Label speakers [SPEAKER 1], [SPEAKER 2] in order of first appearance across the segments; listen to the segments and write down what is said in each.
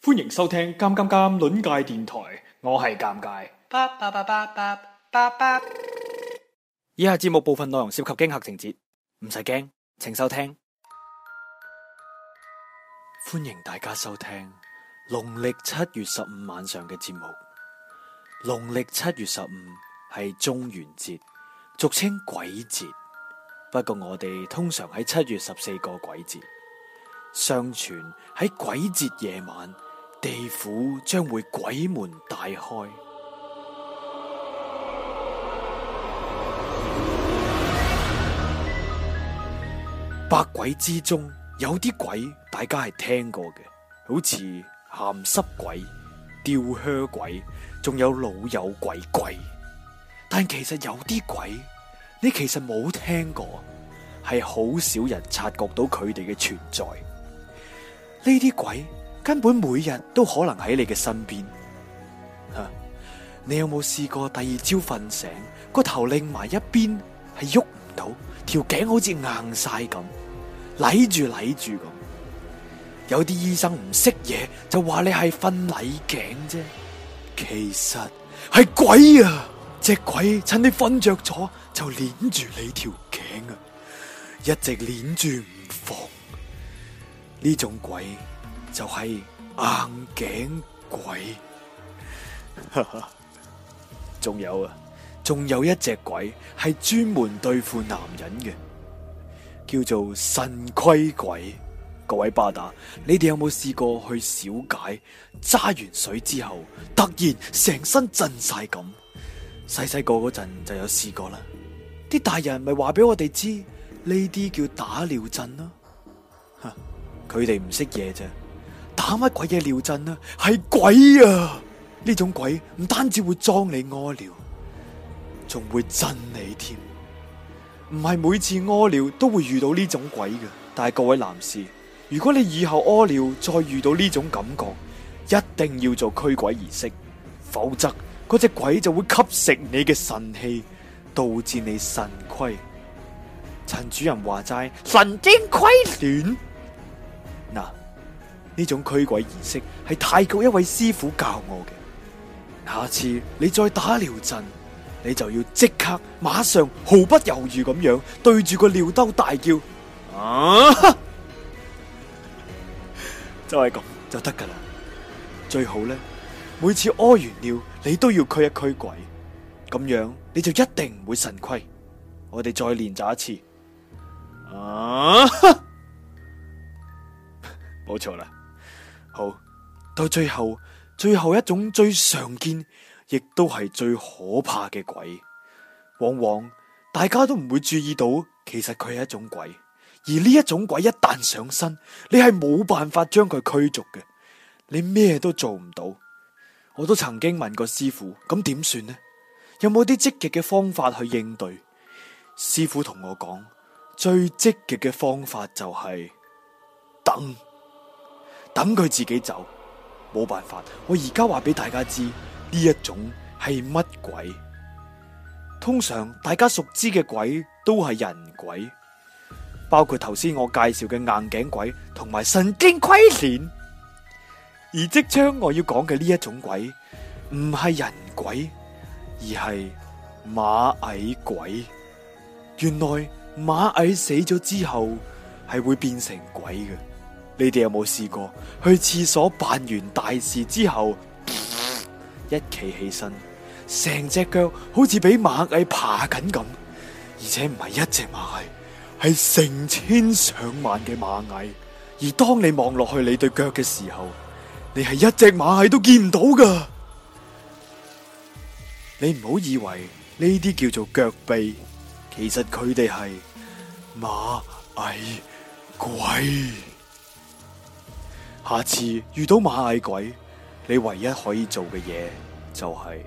[SPEAKER 1] 歡迎收聽《尷尷尷》臨界電台，我係尷尬。以下節目部分內容涉及驚吓情節，唔使驚，請收聽。歡迎大家收聽農曆七月十五晚上嘅節目。農曆七月十五係中元節，俗稱鬼節。不過我哋通常喺七月十四過鬼節。相傳喺鬼節夜晚。地府將會鬼門大開，百鬼之中有啲鬼，大家係聽過嘅，好似鹹濕鬼、吊靴鬼，仲有老友鬼鬼。但其實有啲鬼，你其實冇聽過，係好少人察覺到佢哋嘅存在。呢啲鬼。根本每日都可能喺你嘅身邊。吓、啊，你有冇試過第二朝瞓醒個頭擰埋一邊，係喐唔到，條頸好似硬晒咁，舐住舐住咁。有啲醫生唔識嘢，就話你係瞓捩頸啫。其實係鬼啊！隻鬼趁你瞓着咗就捏住你條頸啊，一直捏住唔放。呢種鬼。就係硬頸鬼。 仲有啊，仲有一隻鬼係專門對付男人嘅，叫做腎虧鬼。各位巴打，你哋有冇試過去小解？揸完水之後，突然成身震晒咁。細細個嗰陣就有試過啦，啲大人咪話俾我哋知呢啲叫打尿震囉。啊。佢哋唔識嘢啫。打乜鬼嘢尿震啊？係鬼啊！呢種鬼唔單止會裝你屙尿，仲會震你添。唔係每次屙尿都會遇到呢種鬼嘅。但係各位男士，如果你以後屙尿再遇到呢種感覺，一定要做驅鬼儀式，否則嗰隻鬼就會吸食你嘅神氣，導致你腎虧。陳主任話齋：神經虧損。呢種驅鬼儀式係泰國一位師傅教我嘅。下次你再打尿陣，你就要即刻馬上毫不猶豫咁樣對住個尿兜大叫啊！ 就係咁就得噶啦。最好呢，每次屙完尿你都要驅一驅鬼，咁樣你就一定唔會腎虧。我哋再練習一次啊！冇錯啦。好，到最後，最後一種最常見，亦都係最可怕嘅鬼，往往大家都唔會注意到，其實佢係一種鬼。而呢一種鬼一旦上身，你係冇辦法將佢驅逐嘅，你咩都做唔到。我都曾經問過師傅，咁點算呢？有冇啲積極嘅方法去應對？師傅同我講，最積極嘅方法就係等。等佢自己走，冇辦法。我而家話俾大家知，呢一種係乜鬼？通常大家熟知嘅鬼都係人鬼，包括頭先我介紹嘅硬頸鬼同埋神經虧線。而即將我要講嘅呢一種鬼，唔係人鬼，而係螞蟻鬼。原來螞蟻死咗之後，係會變成鬼嘅。你哋有冇試過去廁所辦完大事之後，一企起身，成隻腳好似俾螞蟻爬緊咁，而且唔係一隻螞蟻，係成千上萬嘅螞蟻。而當你望落去你對腳嘅時候，你係一隻螞蟻都見唔到㗎。你唔好以為呢啲叫做腳痺，其實佢哋係螞蟻鬼。下次遇到螞蟻鬼，你唯一可以做嘅嘢就係、是、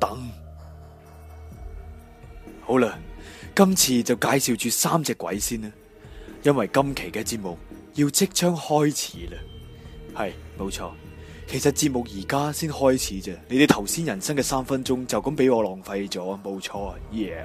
[SPEAKER 1] 等。好啦，今次就介紹住三隻鬼先啦，因為今期嘅節目要即將開始啦。係，冇錯，其實節目而家先開始啫，你哋頭先人生嘅三分鐘就咁俾我浪費咗，冇錯，yeah。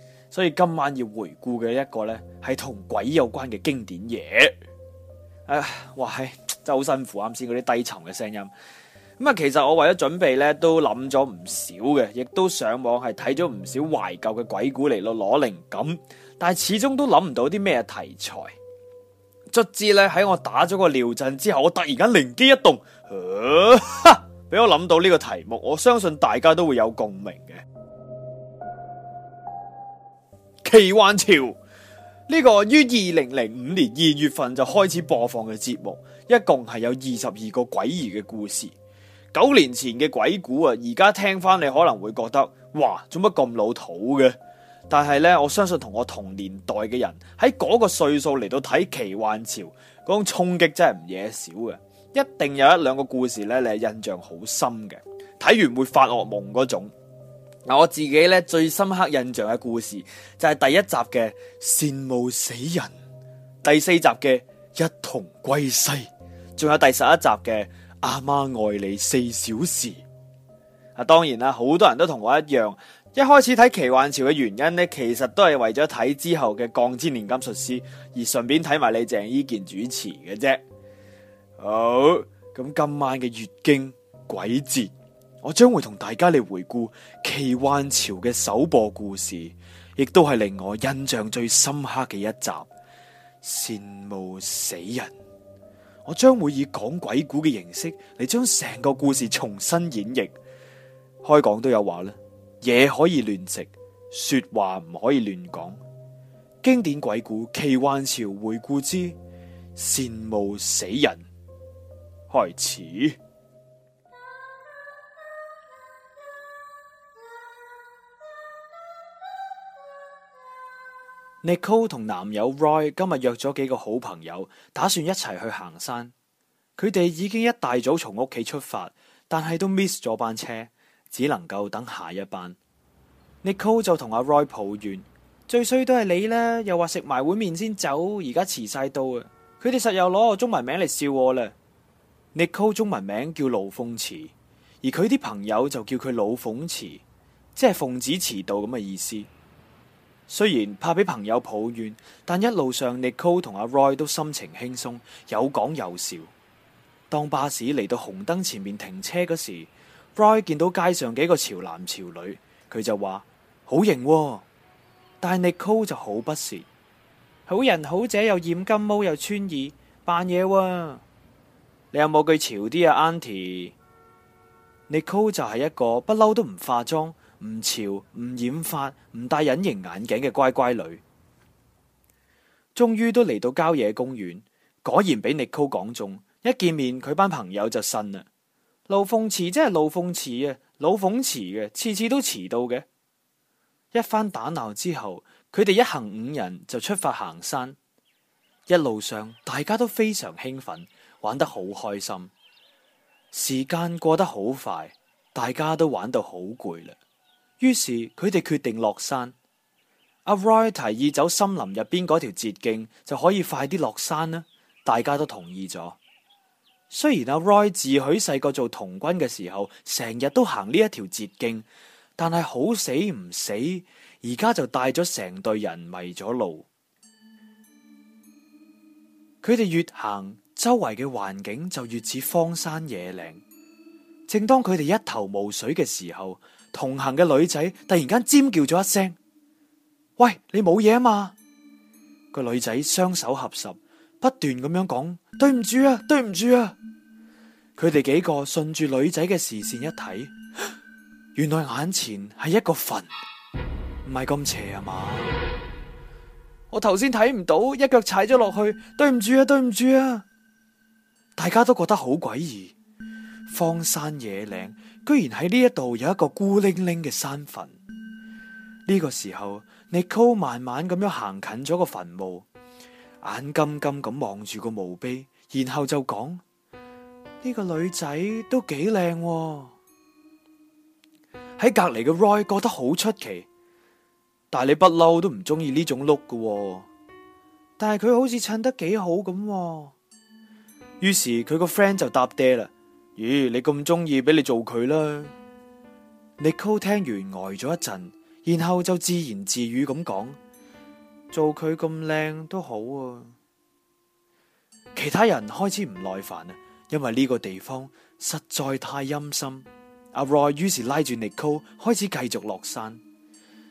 [SPEAKER 1] 所以今晚要回顧嘅一個呢，係同鬼有關嘅經典嘢。唉，呀，哇，係真辛苦。啱先嗰啲低沉嘅聲音。咁啊，其實我為咗準備呢，都諗咗唔少嘅，亦都上網係睇咗唔少懷舊嘅鬼故嚟囉攞靈感。但係始終都諗唔到啲咩題材。卒之呢，喺我打咗個尿陣之後，我突然間靈機一動，俾、啊、我諗到呢個題目。我相信大家都會有共鳴嘅。《奇幻潮》呢個於二零零五年二月份就開始播放嘅節目，一共係有二十二個詭異嘅故事。九年前嘅鬼故啊，而家聽翻你可能會覺得哇，做乜咁老土嘅？但係呢，我相信同我同年代嘅人喺嗰個歲數嚟到睇《奇幻潮》，嗰種衝擊真係唔野少嘅。一定有一兩個故事呢，你係印象好深嘅，睇完會發噩夢嗰種。嗱，我自己咧最深刻印象嘅故事就係、是、第一集嘅羨慕死人，第四集嘅一同歸西，仲有第十一集嘅阿媽愛你四小時。啊，當然啦，好多人都同我一樣，一開始睇《奇幻潮》嘅原因呢，其實都係為咗睇之後嘅《鋼之煉金術師》，而順便睇埋你鄭伊健主持嘅啫。好，咁今晚嘅月經鬼節。我將會同大家嚟回顧《奇幻潮》嘅首播故事，亦都係令我印象最深刻嘅一集《羨慕死人》。我將會以講鬼故嘅形式嚟將成個故事重新演繹。開講都有話啦，嘢可以亂食，說話唔可以亂講。經典鬼故《奇幻潮》回顧之《羨慕死人》，開始。Nico 同男友 Roy 今日約咗幾個好朋友，打算一齊去行山。佢哋已經一大早從屋企出發，但係都 miss 咗班車，只能夠等下一班。Nico 就同阿 Roy 抱怨：最衰都係你啦，又話食埋碗麵先走，而家遲晒到啊！佢哋實又攞我中文名嚟笑我啦。Nico 中文名叫老鳳遲，而佢啲朋友就叫佢老鳳遲，即係奉旨遲到咁嘅意思。雖然怕俾朋友抱怨，但一路上 Nicole 同阿 Roy 都心情輕鬆，有講有笑。當巴士嚟到紅燈前面停車嗰時，Roy 見到街上幾個潮男潮女，佢就話：好型喎、哦！但係 Nicole 就好不屑，好人好姐又染金毛又穿耳扮嘢喎。你有冇句潮啲啊，Auntie？Nicole 就係一個一不嬲都唔化妝。唔潮，唔染髮，唔戴隱形眼鏡嘅乖乖女，終於都嚟到郊野公園。果然俾尼高講中，一見面佢班朋友就信啦。老鳳遲即係老鳳遲啊，老鳳遲嘅，次次都遲到嘅。一番打鬧之後，佢哋一行五人就出發行山。一路上大家都非常興奮，玩得好開心。時間過得好快，大家都玩到好攰啦。於是佢哋決定落山。阿 Roy 提議走森林入邊嗰條捷徑就可以快啲落山啦，大家都同意咗。雖然阿 Roy 自詡細個做童軍嘅時候成日都行呢一條捷徑，但係好死唔死，而家就帶咗成隊人迷咗路。佢哋越行，周圍嘅環境就越似荒山野嶺。正當佢哋一頭霧水嘅時候，同行嘅女仔突然間尖叫咗一聲：喂，你冇嘢啊嘛？個女仔雙手合十，不斷咁樣講：對唔住啊，對唔住啊！佢哋幾個順住女仔嘅視線一睇，原來眼前係一個墳，唔係咁邪啊嘛？我頭先睇唔到，一腳踩咗落去，對唔住啊，對唔住啊！大家都覺得好詭異，荒山野嶺。居然喺呢一度有一個孤零零嘅山墳。呢個時候 Nicole 慢慢咁樣行近咗個墳墓，眼金金咁望住個墓碑，然後就講：呢個女仔都幾靚哦。喺隔籬嘅 Roy 覺得好出奇，但係你不嬲都唔中意呢種 look 嘅。但係佢好似襯得幾好咁哦。於是佢個 friend 就搭爹啦。咦，你咁中意俾你做佢啦？Nicole 聽完呆咗一陣，然後就自言自語咁講：做佢咁靚都好啊。其他人開始唔耐煩啦，因為呢個地方實在太陰森。阿 Roy 於是拉住 Nicole 開始繼續落山，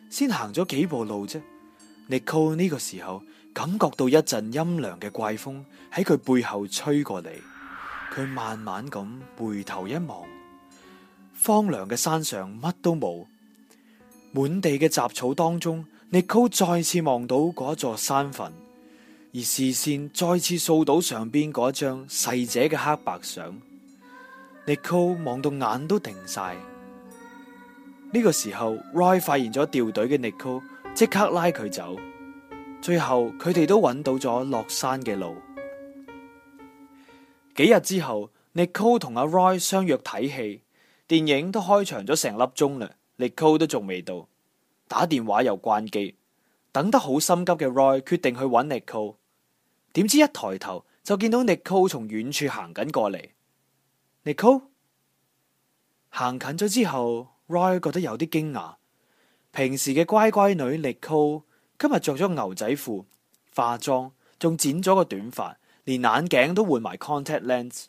[SPEAKER 1] 先行咗幾步路啫。Nicole 呢個時候感覺到一陣陰涼嘅怪風喺佢背後吹過嚟。佢慢慢咁回頭一望，荒涼嘅山上乜都冇，滿地嘅雜草當中，n i 尼 o 尼高再次望到嗰座山墳，而視線再次掃到上邊嗰張逝者嘅黑白相，n i 尼 o 尼高望到眼都定晒。呢、這個時候，Ray 發現咗掉隊嘅尼高，即刻拉佢走，最後佢哋都揾到咗落山嘅路。幾日之後，Nicole 同阿 Roy 相約睇戲，電影都開場咗成粒鐘啦，Nicole 都仲未到，打電話又關機，等得好心急嘅 Roy 決定去揾 Nicole，點知一抬頭就見到 Nicole 從遠處行緊過嚟，Nicole 行近咗之後，Roy 覺得有啲驚訝，平時嘅乖乖女 Nicole 今日着咗牛仔褲，化妝仲剪咗個短髮。連眼鏡都換埋 contact lens。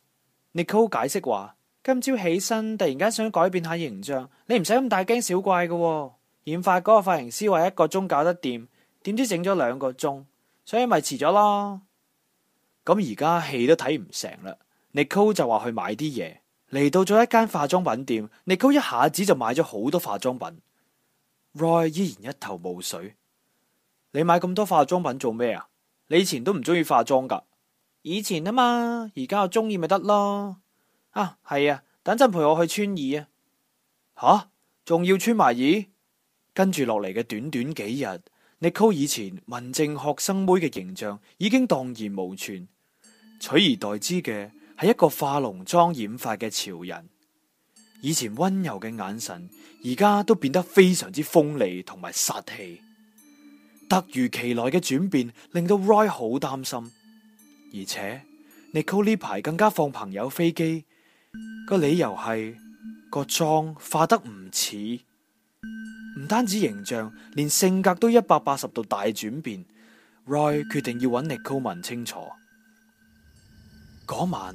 [SPEAKER 1] Nicole 解釋話：今朝起身突然間想改變下形象，你唔使咁大驚小怪噶喎。染髮嗰個髮型師話一個鐘搞得掂，點知整咗兩個鐘，所以咪遲咗咯。咁而家戲都睇唔成啦。Nicole 就話去買啲嘢。嚟到咗一間化妝品店，Nicole 一下子就買咗好多化妝品。Roy 依然一頭霧水，你買咁多化妝品做咩啊？你以前都唔中意化妝噶。以前啊嘛，而家我中意咪得咯啊。係啊，等陣陪我去穿耳啊吓，仲、啊、要穿埋耳？跟住落嚟嘅短短幾日，Nicole 以前文靜學生妹嘅形象已經蕩然無存，取而代之嘅係一個化濃妝染髮嘅潮人。以前温柔嘅眼神，而家都變得非常之鋒利同埋殺氣。突如其來嘅轉變，令到 Roy 好擔心。而且，Nicole 呢排更加放朋友飛機，個理由係個妝化得唔似，唔單止形象，連性格都一百八十度大轉變。Roy 決定要搵 Nicole 問清楚。嗰晚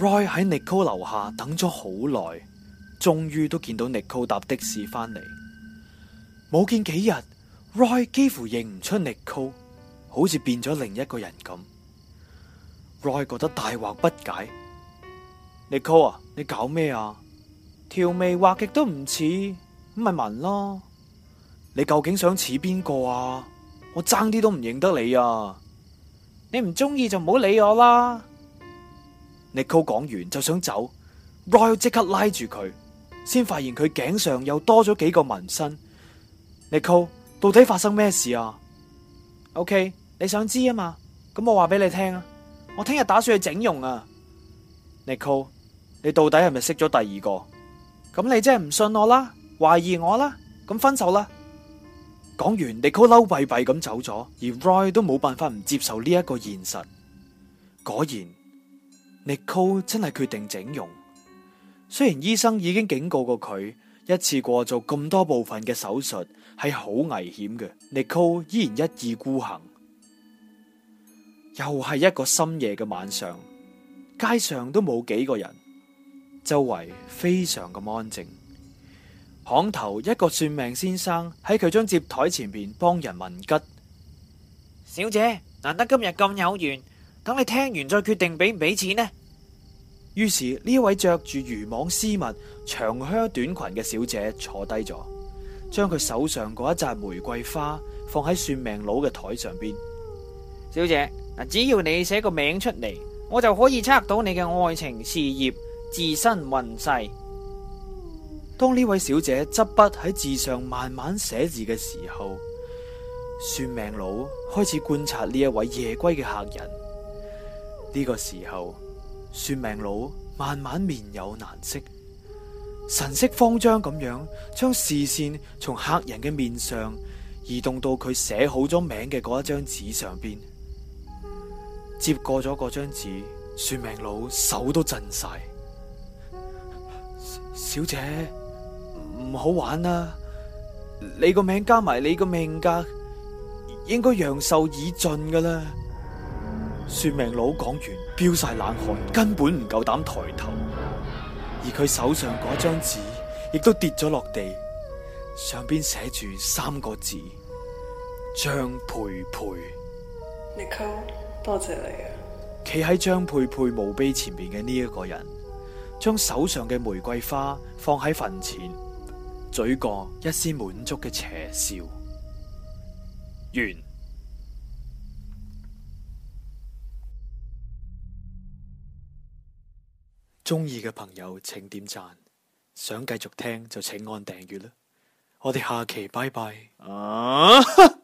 [SPEAKER 1] ，Roy 喺 Nicole 樓下等咗好耐，終於都見到 Nicole 搭的士翻嚟。冇見幾日，Roy 幾乎認唔出 Nicole，好似變咗另一個人咁。Roy 覺得大惑不解，Nicole 啊，你搞咩啊？條眉畫極都唔似，咁咪紋咯。你究竟想似邊個啊？我爭啲都唔認得你啊！你唔中意就唔好理我啦。Nicole 講完就想走，Roy 即刻拉住佢，先發現佢頸上又多咗幾個紋身。Nicole，到底發生咩事啊？OK，你想知啊嘛？咁我話俾你聽啊！我聽日打算去整容啊，Nicole，你到底係咪識咗第二個？咁你真係唔信我啦，懷疑我啦，咁分手啦！講完，Nicole 嬲閉閉咁走咗，而 Roy 都冇辦法唔接受呢一個現實。果然，Nicole 真係決定整容。雖然醫生已經警告過佢，一次過做咁多部分嘅手術係好危險嘅，Nicole 依然一意孤行。又係一個深夜嘅晚上，街上都冇幾個人，周圍非常咁安靜。巷頭一個算命先生喺佢張接台前邊幫人問吉。小姐，難得今日咁有緣，等你聽完再決定俾唔俾錢呢？於是呢位着住漁網絲襪、長靴短裙嘅小姐坐低咗，將佢手上嗰一扎玫瑰花放喺算命佬嘅台上邊。小姐，只要你寫個名出嚟，我就可以測到你嘅愛情、事業、自身運勢。當呢位小姐執筆喺字上慢慢寫字嘅時候，算命佬開始觀察呢一位夜歸嘅客人。呢個時候，算命佬慢慢面有難色，神色慌張咁樣將視線從客人嘅面上移動到佢寫好咗名嘅嗰一張紙上邊。接過咗嗰張紙，算命佬手都震晒。小姐，唔好玩啦，啊！你個名加埋你個命格，應該陽壽已盡噶啦。算命佬講完，飆晒冷汗，根本唔夠膽抬頭。而佢手上嗰張紙亦都跌咗落地，上邊寫住三個字：張培培。Nicole. 多謝你啊！企喺張佩佩墓碑前面嘅呢一個人，將手上嘅玫瑰花放喺墳前，嘴角一絲滿足嘅邪笑。完。中意嘅朋友請點讚，想繼續聽就請按訂閱啦。我哋下期拜拜。啊、uh！